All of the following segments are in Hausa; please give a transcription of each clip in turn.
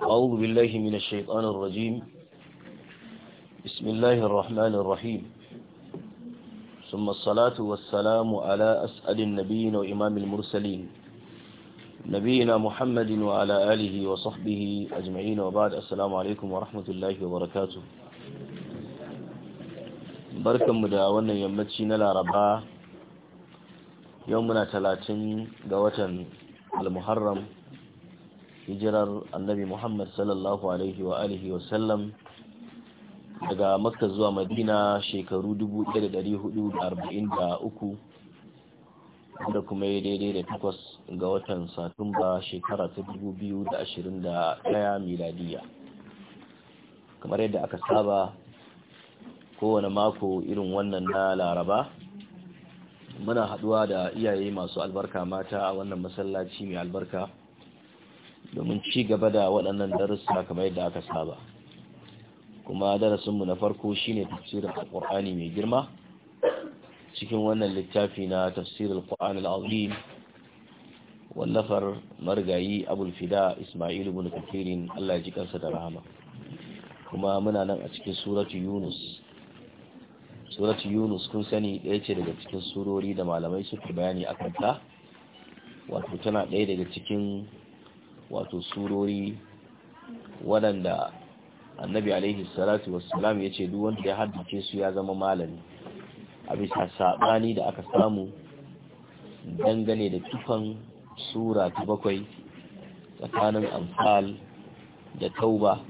أعوذ بالله من الشيطان الرجيم بسم الله الرحمن الرحيم ثم الصلاة والسلام على أسأل النبيين وإمام المرسلين نبينا محمد وعلى آله وصحبه أجمعين وبعد السلام عليكم ورحمة الله وبركاته بركة مداونة يمتشينا لاربا يومنا ثلاثين قوة المحرم hijirar annabi muhammad sallallahu alaihi wa alihi wa sallam daga makka zuwa madina shekaru 1443 wanda kuma ya daidai da takwas ga watan satumba shekara ta 2021 miladiya kamar yadda aka saba kowane mako irin wannan na laraba muna haduwa da iyaye masu albarka mata a wannan masallaci mai albarka domin ci gaba da waɗannan darussa kamar yadda aka saba kuma darasinmu na farko shine tafsirin alƙur'ani mai girma cikin wannan littafi na tafsirin alƙur'an al'azim wallafar marigayi abulfida ismail ibn kafirin allah ya ji kansa da rahama kuma muna nan a cikin suratu yunus suratu yunus kun sani ɗaya ce daga cikin surori da malamai suka bayani akan ta wato tana ɗaya daga cikin wato surori waɗanda annabi alaihi salatu wasalam ya ce duk wanda ya haddace su ya zama malami a bisa saɓani da aka samu dangane da tufan sura ta bakwai tsakanin amfal da tauba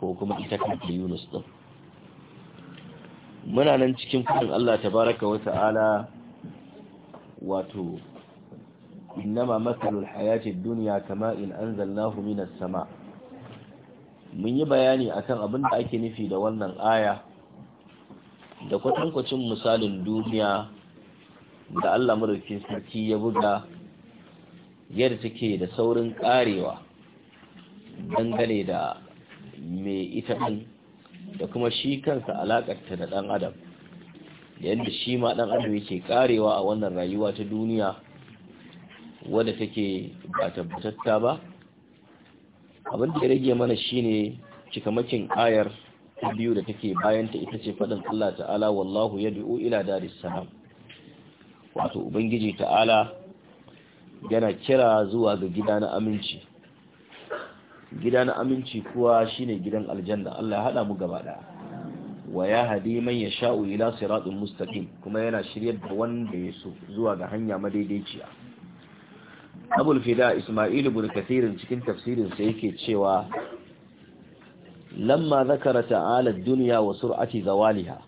ko kuma ita kanta yunus ɗin muna nan cikin kudin allah tabaraka wa ta'ala wato innama matsalul hayatid duniya kama in anzalnahu minas sama mun yi bayani akan abin da ake nufi da wannan aya da kwatankwacin misalin duniya da Allah madaukakin sarki ya buga yadda take da saurin karewa dangane da mai ita da kuma shi kansa alaƙarta da ɗan adam da yadda shi ma ɗan adam yake karewa a wannan rayuwa ta duniya wadda take ba tabbatatta ba abin da ya rage mana shine cikamakin ayar biyu da take bayanta ita ce faɗin Allah ta'ala wallahu yad'u ila daris salam wato ubangiji ta'ala yana kira zuwa ga gida na aminci gida na aminci kuwa shine gidan aljanna Allah ya hada mu gaba daya wa ya hadi man ya ila siratin mustaqim kuma yana shiryar da wanda ya so zuwa ga hanya madaidaiciya Abulfida isma'il ibn kathir cikin tafsirin sa yake cewa lamma zakara ta'ala dunya wa sur'ati zawaliha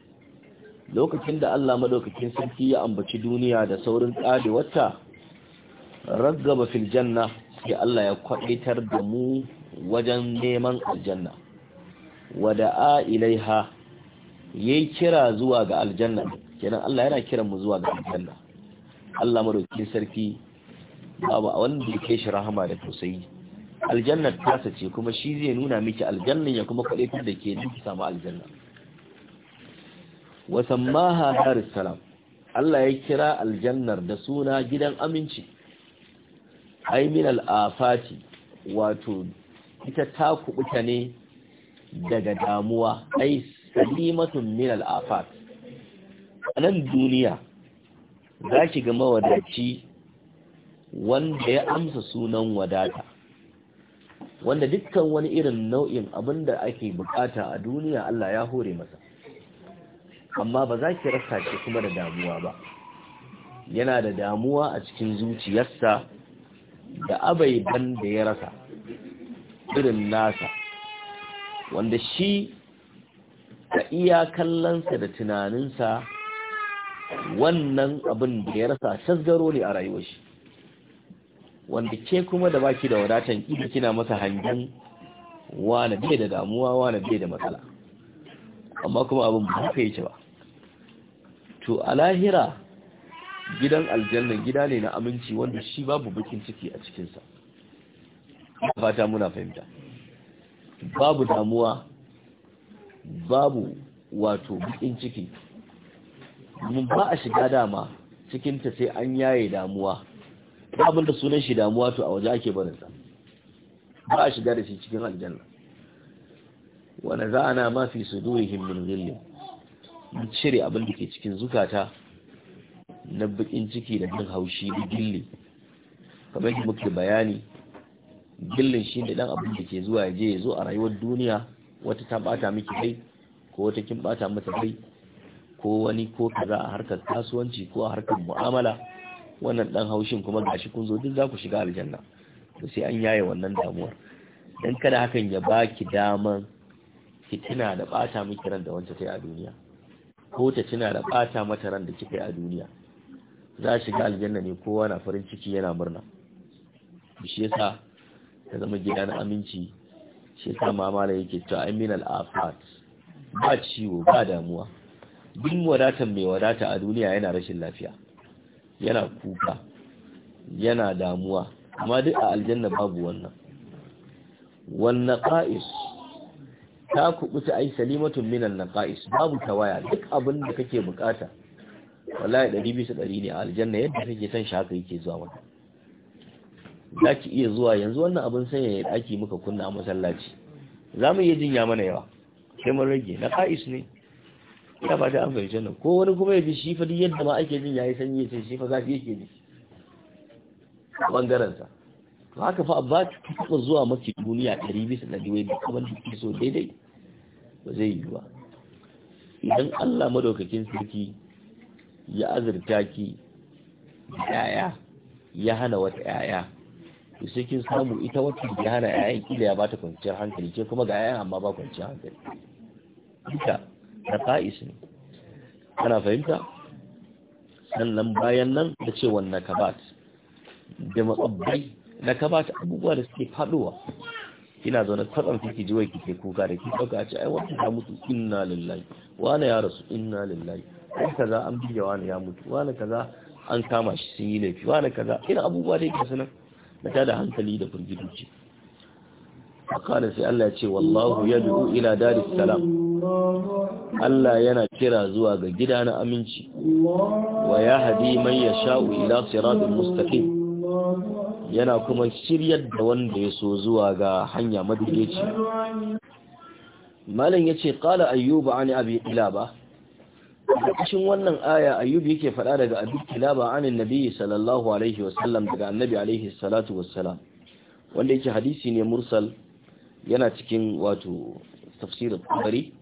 lokacin da Allah madaukakin sarki ya ambaci duniya da saurin kadewarta ragaba fil janna sai Allah ya kwaitar da mu wajen neman aljanna wada'a ilaiha yayi kira zuwa ga aljanna kenan Allah yana kiran mu zuwa ga aljanna Allah madaukakin sarki babu a wanda ya kai shi rahama da tausayi aljannar tasa ce kuma shi zai nuna miki aljannan ya kuma kwaɗe da ke samu aljanna wasan maha haris salam Allah ya kira aljannar da suna gidan aminci aimin al'afati wato ita ta kubuta ne daga damuwa ai salimatun min al'afat a nan duniya za ki ga mawadaci wanda ya amsa sunan wadata wanda dukkan wani irin nau'in abin da ake bukata a duniya Allah ya hore masa amma ba za ki rasa shi kuma da damuwa ba yana da damuwa a cikin zuciyarsa da abaiban da ya rasa irin nasa wanda shi ta iya kallonsa da tunaninsa wannan abin da ya rasa shazgaro ne a rayuwar shi wanda ke kuma da baki da wadatan ido kina masa hangen wane bai da damuwa wane bai da matsala amma kuma abin ba haka yake ba to a lahira gidan aljanna gida ne na aminci wanda shi babu bakin ciki a cikinsa fata muna fahimta babu damuwa babu wato bakin ciki mun ba a shiga dama cikinta sai an yaye damuwa ba da sunan shi damuwa to a waje ake sa ba a shiga da shi cikin aljanna wa naza'ana ma fi sudurihim min ghillin mun cire abin da ke cikin zukata na bakin ciki da bin haushi da gilli kamar yadda muke bayani gillin shi ne dan abin da ke zuwa ya je ya zo a rayuwar duniya wata ta bata miki kai ko wata kin bata mata kai ko wani ko kaza a harkar kasuwanci ko a harkar mu'amala wannan dan haushin kuma gashi kun zo duk za ku shiga aljanna to sai an yaye wannan damuwar dan kada hakan ya baki daman ki tuna da bata miki ran da wanda kai a duniya ko ta tuna da bata mata ran da kika a duniya za shiga aljanna ne kowa na farin ciki yana murna shi yasa ta zama gida na aminci shi yasa mamala yake to aminal al-afat ba ciwo ba damuwa duk wadatan mai wadata a duniya yana rashin lafiya yana kuka yana damuwa amma duk a aljanna babu wannan wannan qa'is ta kubuta ai salimatun minan naqais babu tawaya duk abin da kake bukata wallahi 200 ne a aljanna yadda kake son shaka yake zuwa maka zaki iya zuwa yanzu wannan abin sanya ya daki muka kunna masallaci zamu iya jinya mana yawa sai mun rage naqais ne ya ba da an fahimci nan ko wani kuma ya ji shi duk yadda ma ake jin yayi sanyi ya ce shi fa zafi yake ji a bangaren sa to haka fa ba ta taba zuwa maki duniya da duwai da kuma duk so daidai ba zai yi ba idan Allah madaukakin sarki ya azurta ki yaya ya hana wata yaya to sai kin samu ita wata ya hana yayan kila ya bata kwanciyar hankali ke kuma ga yayan amma ba kwanciyar hankali duka da ƙa'is ne Kana fahimta sannan bayan nan da cewar nakabat da matsabbai nakabat abubuwa da suke faɗowa kina zaune kwatsam kike ji wai kike kuka da ki dauka ce ai wani ya mutu inna lillahi wani ya rasu inna lillahi wani kaza an biya wani ya mutu wani kaza an kama shi sun yi laifi wani kaza ina abubuwa da yake sanar da tada hankali da firgiduci a sai Allah ya ce wallahu yad'u ila daris salam Allah yana kira zuwa ga gida na aminci wa ya hadi man ya sha'u ila siratul mustaqim yana kuma shiryar da wanda ya so zuwa ga hanya madaidaici malam yace qala ayyuba an abi ilaba cikin wannan aya ayyub yake faɗa daga abi ilaba anin nabi sallallahu alaihi wasallam daga annabi alaihi salatu wassalam wanda yake hadisi ne mursal yana cikin wato tafsirin tabari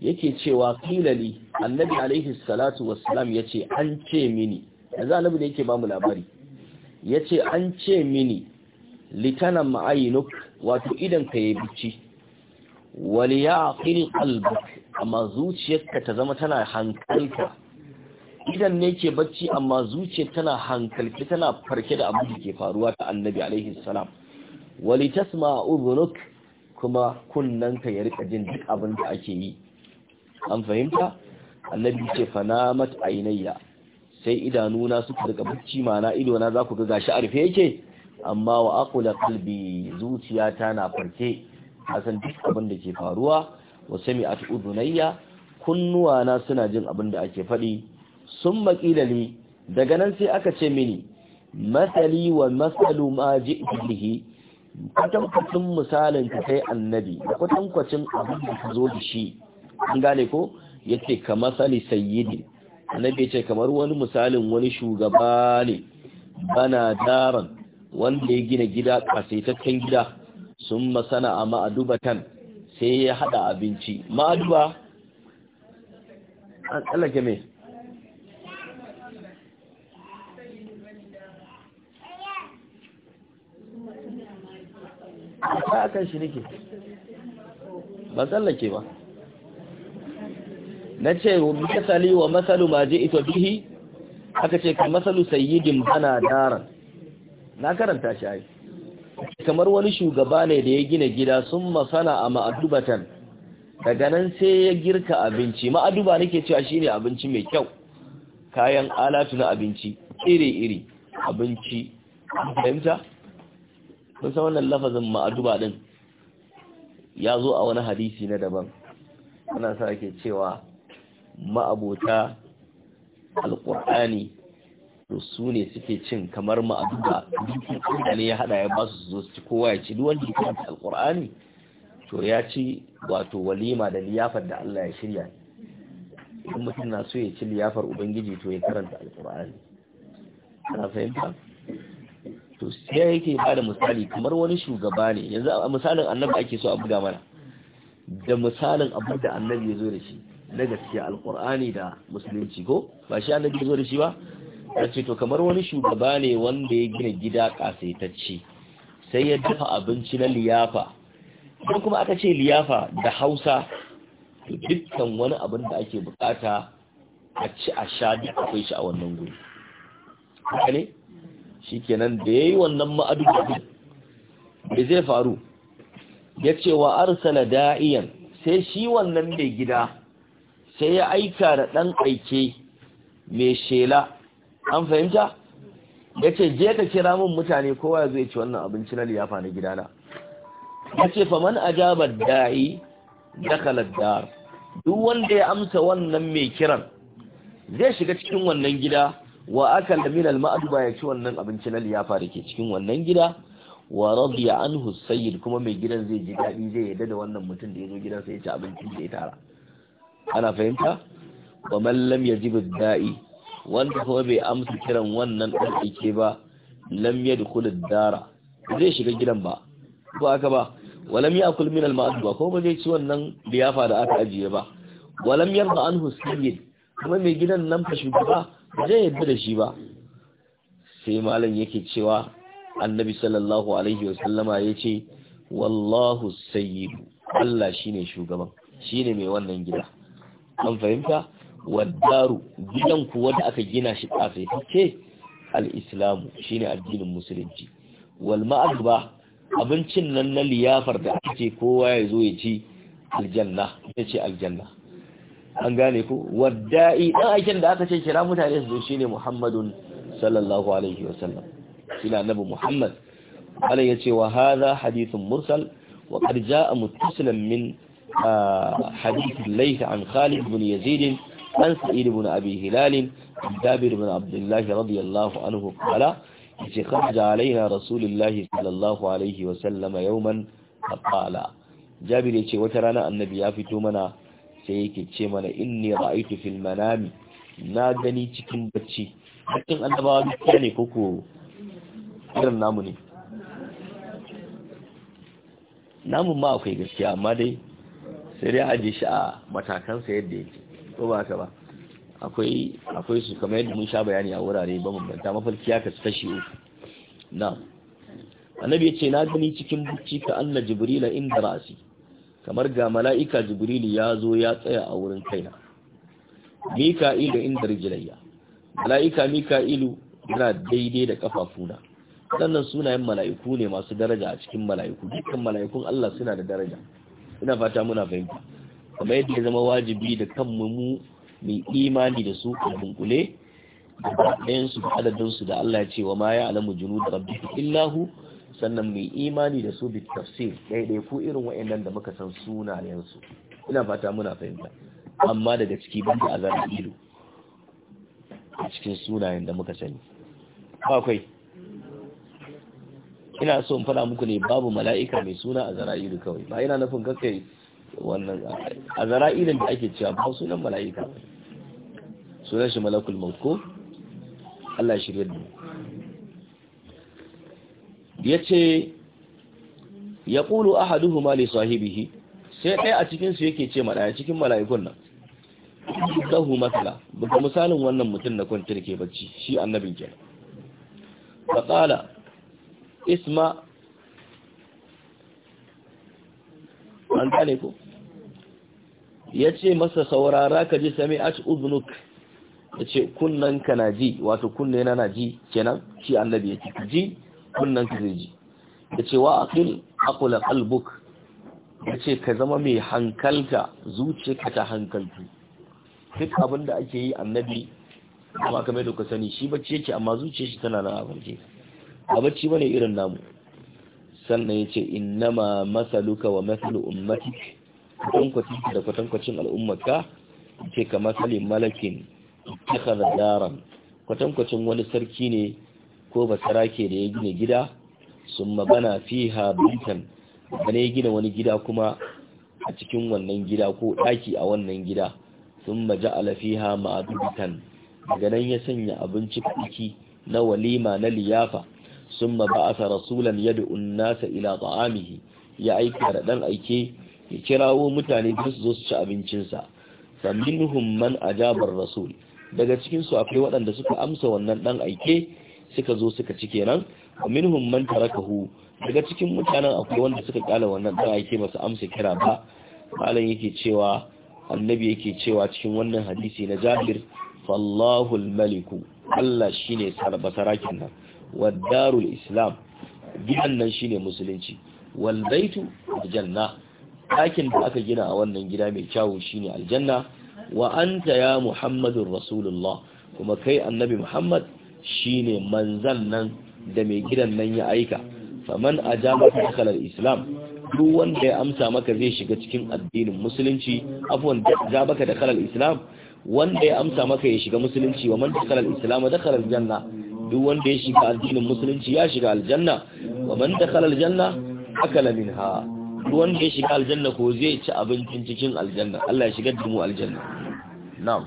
yake cewa kilali annabi alaihi salatu wassalam ya ce an ce mini yanzu annabi da yake bamu labari Yace ce an ce mini litanan ma'ayinuk wato idan ka yi bici wali ya aqil qalbuk amma zuciyarka ta zama tana hankalka idan ne ke bacci amma zuciyar tana hankalki tana farke da abin da ke faruwa ta annabi alaihi salam wali tasma kuma kunnanka ya rika jin duk abin da ake yi an fahimta annabi ce fanamat ainiya. sai idanuna suka daga bacci mana ido na zaku ga gashi a rufe yake amma wa aqula qalbi zuciyata na farke asan duk abin da ke faruwa wa sami'at udunayya kunnuwa na suna jin abin da ake fadi. sun maƙila ne daga nan sai aka ce mini masali wa masalu ma ji bihi kwatankwacin misalin ka kai annabi da kwatankwacin abin da ka zo da shi an gane ko yace ka masali sayyidi annabi yace kamar wani misalin wani shugaba ne bana daran wanda ya gina gida kasaitaccen gida sun masana a ma'adubatan sai ya hada abinci ma'aduba an tsallake mai a kan shi nake ba tsallake ba na ce misali wa masalu ma je ito bihi aka ce ka masalu sayyidin bana daran na karanta shi ai kamar wani shugaba ne da ya gina gida sun masana a ma'adubatan daga nan sai ya girka abinci ma'aduba nake cewa shine abinci mai kyau kayan alatu na abinci iri-iri abinci fahimta sun san wannan lafazin ma'aduba din ya zo a wani hadisi na daban ana sa ke cewa ma'abota alƙur'ani to su ne suke cin kamar ma'abuta dukkan Allah ne ya haɗa ya ba su zo su ci kowa ya ci duk wanda ya alƙur'ani to ya ci wato walima da liyafar da Allah ya shirya in mutum na so ya ci liyafar ubangiji to ya karanta alƙur'ani ana fahimta to sai yake ba da misali kamar wani shugaba ne yanzu a misalin annabi ake so a buga mana da misalin abin da annabi ya zo da shi na gaskiya alkur'ani da musulunci ko ba shi annabi zo da shi ba ya ce to kamar wani shugaba ne wanda ya gina gida kasaitacce sai ya dafa abinci na liyafa ko kuma aka ce liyafa da hausa to dukkan wani abin da ake bukata a ci a sha duk akwai shi a wannan guri haka ne shikenan da yayi wannan ma'adu da zai faru ya ce wa arsala da'iyan sai shi wannan mai gida sai ya aika da ɗan aike mai shela an fahimta ya ce je ka kira min mutane kowa zai ci wannan abinci na liyafa na gidana ya ce fa faman ajabar da'i dakalar dar duk wanda ya amsa wannan mai kiran zai shiga cikin wannan gida wa aka laminal ba ya ci wannan abinci na liyafa da ke cikin wannan gida wa radiya anhu sayyid kuma mai gidan zai ji daɗi zai yadda da wannan mutum da ya zo gidansa ya ci abincin da ya tara ana fahimta wa mallam ya jibu da'i wanda kuma bai amsa kiran wannan ɗan aike ba lam ya dukula dara zai shiga gidan ba ko aka ba walam ya akul min al ba ko ba zai ci wannan liyafa da aka ajiye ba walam ba an sayyid kuma mai gidan nan fa ba zai yadda da shi ba sai malam yake cewa annabi sallallahu alaihi wa sallama yace wallahu sayyidu Allah shine shugaban shi ne mai wannan gida an fahimta wadaru gidan kuwa da aka gina shi kafaitacce al-islamu shine addinin musulunci wal ma'azba abincin nan na liyafar da ake kowa ya zo ya ci aljanna ya ce aljanna an gane ku wadda'i dan aikin da aka ce kira mutane su shine muhammadun sallallahu alaihi wasallam shine annabi muhammad alai ya ce wa hadha hadithun mursal wa qad jaa min حديث الليث عن خالد بن يزيد عن سعيد بن أبي هلال عن جابر بن عبد الله رضي الله عنه قال خرج علينا رسول الله صلى الله عليه وسلم يوما فقال جابر يتي وترانا النبي يافتو منا سيكي تشي منا إني رأيت في المنام نادني تكن بتشي لكن أنا بابي كاني كوكو irin namu ne namun ma akwai gaskiya amma dai sai dai aje shi a matakansa yadda yake ko ba ka ba akwai su kamar yadda mun sha bayani a wurare banta mafarki ya kasu kashi uku na annabi ya ce na gani cikin bacci ka anna jibrila inda rasi kamar ga mala'ika jibrili ya zo ya tsaya a wurin kaina mika'ilu inda rijilayya mala'ika mika'ilu yana daidai da kafafuna sannan sunayen mala'iku ne masu daraja a cikin mala'iku dukkan mala'ikun Allah suna da daraja ina fata muna fahimta kuma yadda ya zama wajibi da kanmu mu mai imani da su a bunkule da ɗayan su da adadin su da Allah ya ce wa ma ya alamu junu da rabbi illahu sannan mai imani da su bi tafsir ko ku irin wa'annan da muka san sunayen su ina fata muna fahimta amma daga ciki ban da azar ido a cikin sunayen da muka sani akwai ina so in fada muku ne babu mala'ika mai suna a zara'ilu kawai ba ina nufin kakai wannan a zara'ilin da ake cewa ba sunan mala'ika sunan shi malakul mako Allah shirya da ya ce ya ƙulu ahaduhu ma li sahibihi sai ɗaya a cikinsu yake ce maɗaya cikin mala'ikun nan dahu matsala buga misalin wannan mutum na kwantar ke bacci shi annabin kenan faƙala isma an gane ko ya ce masa saurara ka ji sami ash uznuk ya ce kunnanka na ji wato kunne na na ji kenan shi annabi ya ce ka ji kunnanka zai ji ya ce wa aqil aqula qalbuk ya ce ka zama mai hankalta zuciyarka ta hankaltu duk abinda ake yi annabi amma kamar da ka sani shi bacci yake amma zuciyar tana nan a a bacci bane irin namu sannan ya ce innama masaluka wa masalu ummatik kwatankwacin da kwatankwacin al'ummarka ce ka masali malakin ittakhadha daran kwatankwacin wani sarki ne ko basarake da ya gina gida sun bana fiha baitan da ya gina wani gida kuma a cikin wannan gida ko daki a wannan gida sun ja'ala fiha ma'adubatan daga nan ya sanya abinci kuɗi na walima na liyafa summa ba'asa rasulan yadda an-nasa ila ta'amihi ya aika da ɗan aike ya kirawo mutane don su zo su ci abincinsa fa minhum man rasul daga cikinsu akwai waɗanda suka amsa wannan ɗan aike suka zo suka ci kenan minhum man tarakahu daga cikin mutanen akwai wanda suka kala wannan ɗan aike masa amsa kira ba malam yake cewa annabi yake cewa cikin wannan hadisi na Jabir fallahul maliku Allah shine sarba sarakin nan waddarul islam gidan nan shine musulunci wal baitu aljanna ɗakin da aka gina a wannan gida mai kyawu shine aljanna wa anta ya muhammadur rasulullah kuma kai annabi muhammad shine manzan nan da mai gidan nan ya aika faman ajaba dakhala islam duk wanda ya amsa maka zai shiga cikin addinin musulunci afwan da baka dakhala islam wanda ya amsa maka ya shiga musulunci wa man dakhala islam kalar janna? duk wanda ya shiga addinin musulunci ya shiga aljanna wa man dakhala aljanna akala minha duk wanda ya shiga aljanna ko zai ci abincin cikin aljanna Allah ya shigar da mu aljanna na'am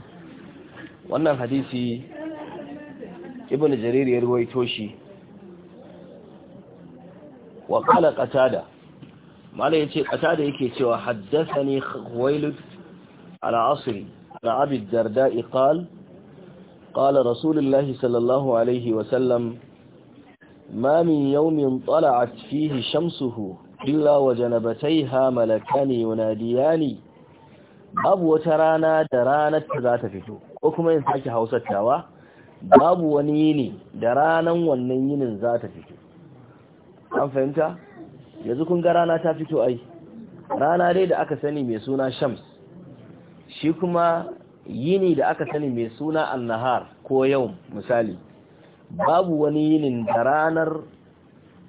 wannan hadisi ibn jarir ya ruwaito shi wa qala qatada mala yace qatada yake cewa haddathani khuwailid al-asri ala abi darda qala قال رسول الله صلى الله عليه وسلم ما من يوم طلعت فيه شمسه إلا وجنبتيها ملكان يناديان babu wata rana da ranar ta za ta fito ko kuma yin sake hausatawa babu wani yini da ranar wannan yinin za ta fito an fahimta yanzu kun ga rana ta fito ai rana dai da aka sani mai suna shams shi kuma yini da aka sani mai suna annahar ko yau misali babu wani yinin da ranar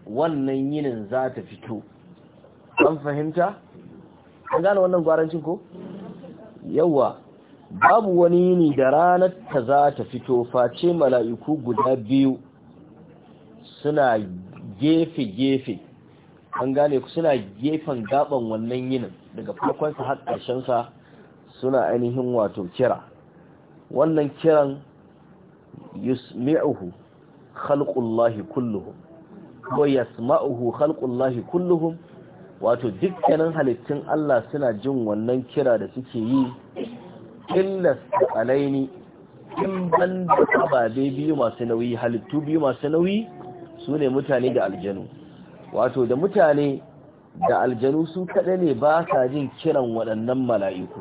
wannan yinin za ta fito an fahimta? an gane wannan gwarancin ko? yawa babu wani yini da ranar ta za ta fito face mala'iku guda biyu suna gefe-gefe an gane suna gefen gaban wannan yinin daga farkonsa har ƙarshensa suna ainihin wato kira wannan kiran yusmi'uhu khalqullahi kulluhum ko yasma'uhu khalqullahi kulluhum wato dukkanin halittun Allah suna jin wannan kira da suke yi illa alaini in ban da ababe biyu masu nauyi halittu biyu masu nauyi su ne mutane da aljanu wato da mutane da aljanu su kaɗai ne ba sa jin kiran waɗannan mala'iku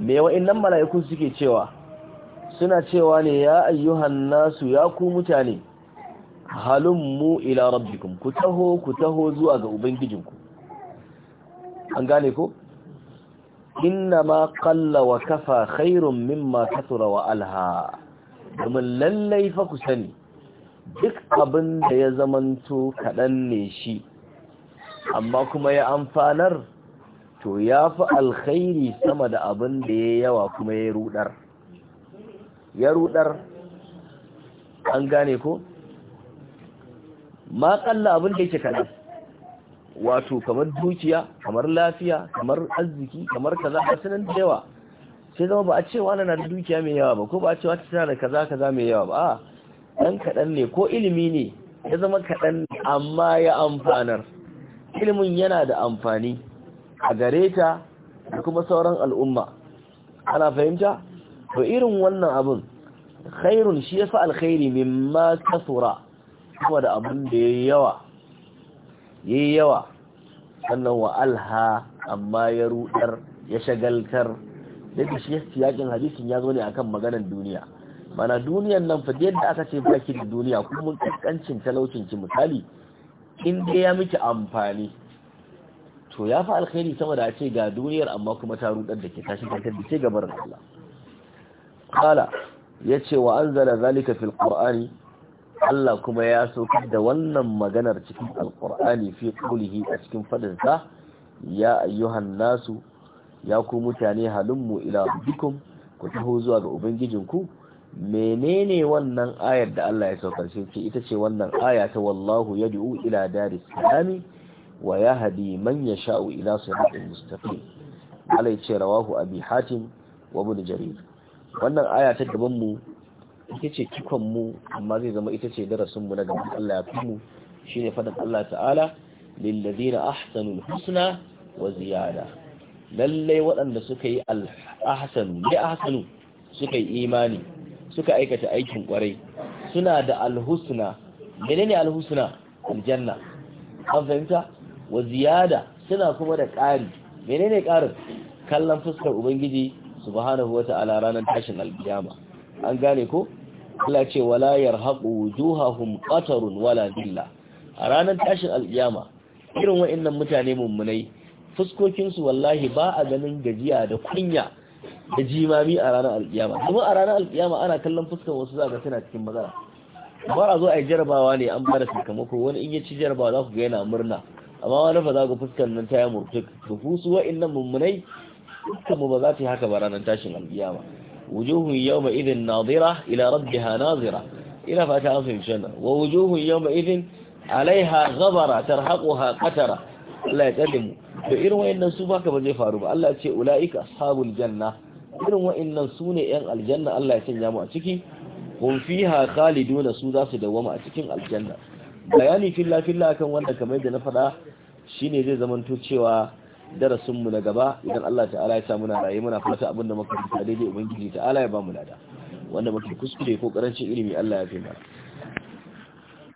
me wa'annan mala'iku suke cewa suna cewa ne ya ayyuhan nasu ya ku mutane mu ila rabbikum ku taho ku taho zuwa ga ubangijinku an gane ko inna ma qalla wa kafa khairum mimma kathura wa alha domin lallai fa ku sani duk abin da ya zamanto kaɗan ne shi amma kuma ya amfanar to ya fi alkhairi sama da abin da ya yawa kuma ya rudar ya rudar an gane ko ma kalla abin da yake kaɗan wato kamar dukiya kamar lafiya kamar arziki kamar kaza a sanar da yawa sai zama ba a ce wani na da dukiya mai yawa ba ko ba a ce wata tana da kaza kaza mai yawa ba a ɗan kaɗan ne ko ilimi ne ya zama kaɗan amma ya amfanar ilimin yana da amfani a gare ta da kuma sauran al'umma ana fahimta to irin wannan abun khairun shi yafi alkhairi mimma kasura kuma da abin da yayi yawa yayi yawa sannan wa alha amma ya rudar ya shagaltar da shi yakin hadisin ya zo ne akan maganar duniya mana duniyan nan fa yadda aka ce baki da duniya kuma kankancin talaucin ki misali in dai ya miki amfani to ya fi alkhairi sama da a ce ga duniyar amma kuma ta rudar da ke tashi tafiyar da ke gabar Allah kala ya ce wa an zala zalika fil ƙor'ani Allah kuma ya saukar da wannan maganar cikin Alƙur'ani fi ƙulihi a cikin faɗin sa ya ayyuhan nasu ya ku mutane halinmu ila rabbikum ku taho zuwa ga ubangijinku menene wannan ayar da Allah ya saukar shi ita ce wannan aya ta wallahu yad'u ila daris salami wa yahdi man yasha'u ila siratin mustaqim alai ce rawahu abi hatim wa ibn jarir wannan aya ta gaban mu ita ce kikon mu amma zai zama ita ce darasin mu na gaban Allah ya fi mu shine fadan Allah ta'ala lil ladina ahsanul husna wa ziyada lalle waɗanda suka yi al ahsanu ne ahsanu suka yi imani suka aikata aikin kwarai suna da al husna menene al husna aljanna an fahimta wa ziyada suna kuma da ƙari menene ƙarin kallon fuskar ubangiji subhanahu wata'ala ranar tashin alqiyama an gane ko Allah ce wala yarhaqu wujuhahum qatarun wala dilla a ranar tashin alqiyama irin wa'annan mutane mummunai fuskokin su wallahi ba a ganin gajiya da kunya da jimami a ranar alqiyama kuma a ranar alqiyama ana kallon fuskar wasu zaka suna cikin matsala ba zo a yi jarabawa ne an bada sakamako wani in ya ci jarabawa za ku ga yana murna amma wani fa za ga fuskar nan ta yi murtuk tufusu wa'annan mummunai dukkan mu ba za ta yi haka ba ranar tashin alƙiyama wujuhun yawma idin nadira ila rabbiha nazira ina fata an fahimci wannan wa wujuhun yawma idin alaiha ghabara tarhaquha qatara Allah ya tsare mu to irin wa'annan su baka ba zai faru ba Allah ya ce ulaika ashabul janna irin wa'annan su ne yan aljanna Allah ya sanya mu a ciki hum fiha khaliduna su za su dawwama a cikin aljanna bayani filla filla akan wanda kamar yadda na faɗa shine zai zamanto cewa darasin mu na gaba idan Allah ta'ala ya sa muna raye muna fata abin da muka daidai ubangiji ta'ala ya ba mu lada wanda muke kuskure ko karancin ilimi Allah ya fi mana